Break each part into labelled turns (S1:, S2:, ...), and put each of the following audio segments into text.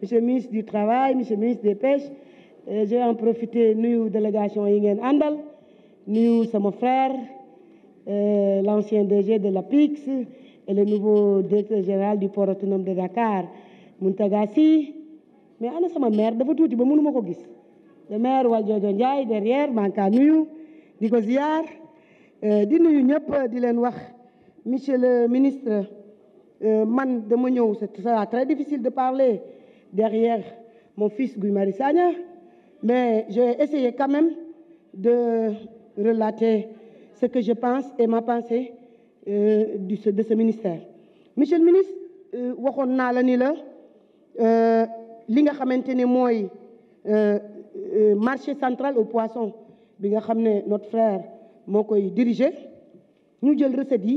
S1: monsieur le ministre du travail monsieur le ministre des pêches euh, j'ai en profité nuyu délégation yi ngeen àndal nuyu sama frère euh, l'ancien DG de la l'APIX et le nouveau directeur général du port autonome de Dakar Mountaga Sy mais ana sama maire dafa tuuti ba mënuma ko gis le maire Valdiodio Ndiaye derrière maa ngi kaa nuyu di ko ziar euh, di nuyu ñëpp di leen wax monsieur le ministre man dama ñëw c'est très difficile de parler derrière mon fils Guy Marissagna, mais j'ai essayé quand même de relater ce que je pense et ma pensée euh, de, ce, de ce ministère. Monsieur le ministre euh, waxoon naa la ni la euh, li nga xamante ne mooy euh, marché central au poisson bi nga xam ne notre frère moo koy diriger ñu jël recette yi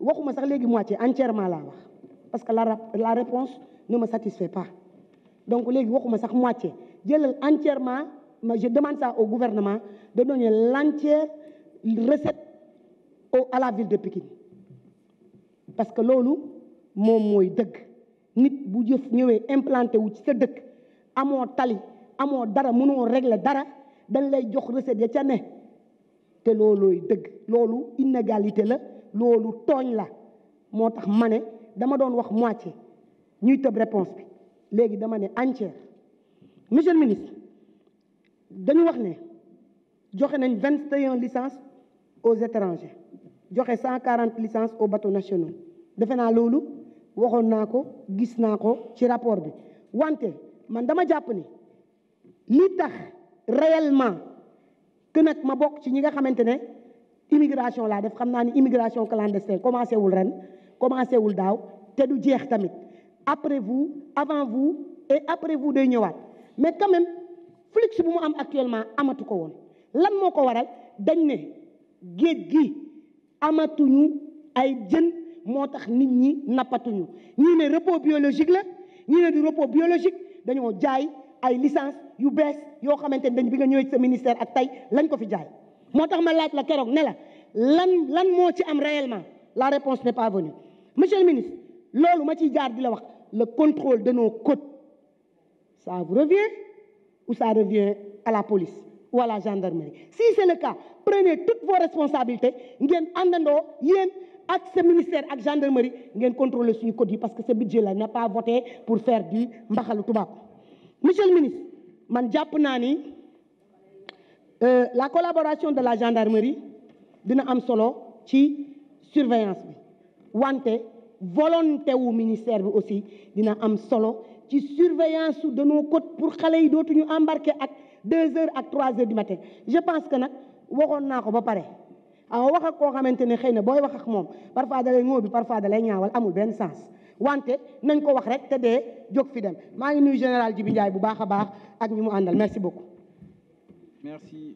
S1: waxuma sax léegi moitié entièrement laa wax parce que la la réponse ne me satisfait pas donc léegi waxuma sax moitié jëlal entièrement ma je demande ça au gouvernement de donner l'entière recette au à la ville de Pikine parce que loolu moom mooy dëgg nit bu jëf ñëwee implanté wu ci sa dëkk amoo tali amoo dara mënoo régler dara dañ lay jox recette ya ca ne te loolooy dëgg loolu inégalité la loolu tooñ la moo tax ma ne dama doon wax moitié ñuy tëb réponse bi léegi dama ne entière monsieur le ministre dañu wax ne joxe nañ vingt et un licences aux étrangers joxe cent quarante licences aux bateaux nationaux defe naa loolu waxoon naa ko gis naa ko ci rapport bi wante man dama jàpp ni li tax réellement que ma bokk ci ñi nga xamante ne immigration laa def xam naa ni immigration clandestine commencé wul ren commencé wul daaw te du jeex tamit après vous avant vous et après vous day ñëwaat mais quand même flux bu mu am actuellement amatu ko woon lan moo ko waral dañ ne géej gi amatuñu ay jën moo tax nit ñi nappatuñu ñii ne repos biologique la ñii ne du repos biologique dañoo jaay ay licence yu bees yoo xamante ne dañ bi nga ñëwee ci sa ministère ak tey lañ ko fi jaay moo tax ma laaj la keroog nela lan lan moo ci am réellement la réponse n'est pas venue monsieur le ministre loolu ma ciy jaar di la wax le contrôle de nos côtes ça vous revient ou ça revient à la police ou à la gendarmerie si c'est le cas prenez toutes vos responsabilités ngeen àndandoo yéen ak sa ministère ak gendarmerie ngeen contrôler suñu côtes yi parce que ce budget là n'a pas voté pour faire du mbaxalu tubaab monsieur ministre man jàpp naa ni euh, la collaboration de la gendarmerie dina am solo ci surveillance bi wante volonté wu ministère bi aussi dina am solo ci surveillance de nos côtes pour xale yi dootuñu embarquer ak deux heures ak trois heures du matin je pense que nag waxoon naa ko ba pare aw wax ak koo xamante ne xëy na booy wax ak moom parfois dalay ngóobi parfois dalay ñaawal amul benn sens wante nañ ko wax rek te dee jóg fi dem maa ngi nuyu général Djibi Ndiaye bu baax a baax ak ñi mu àndal merci beaucoup merci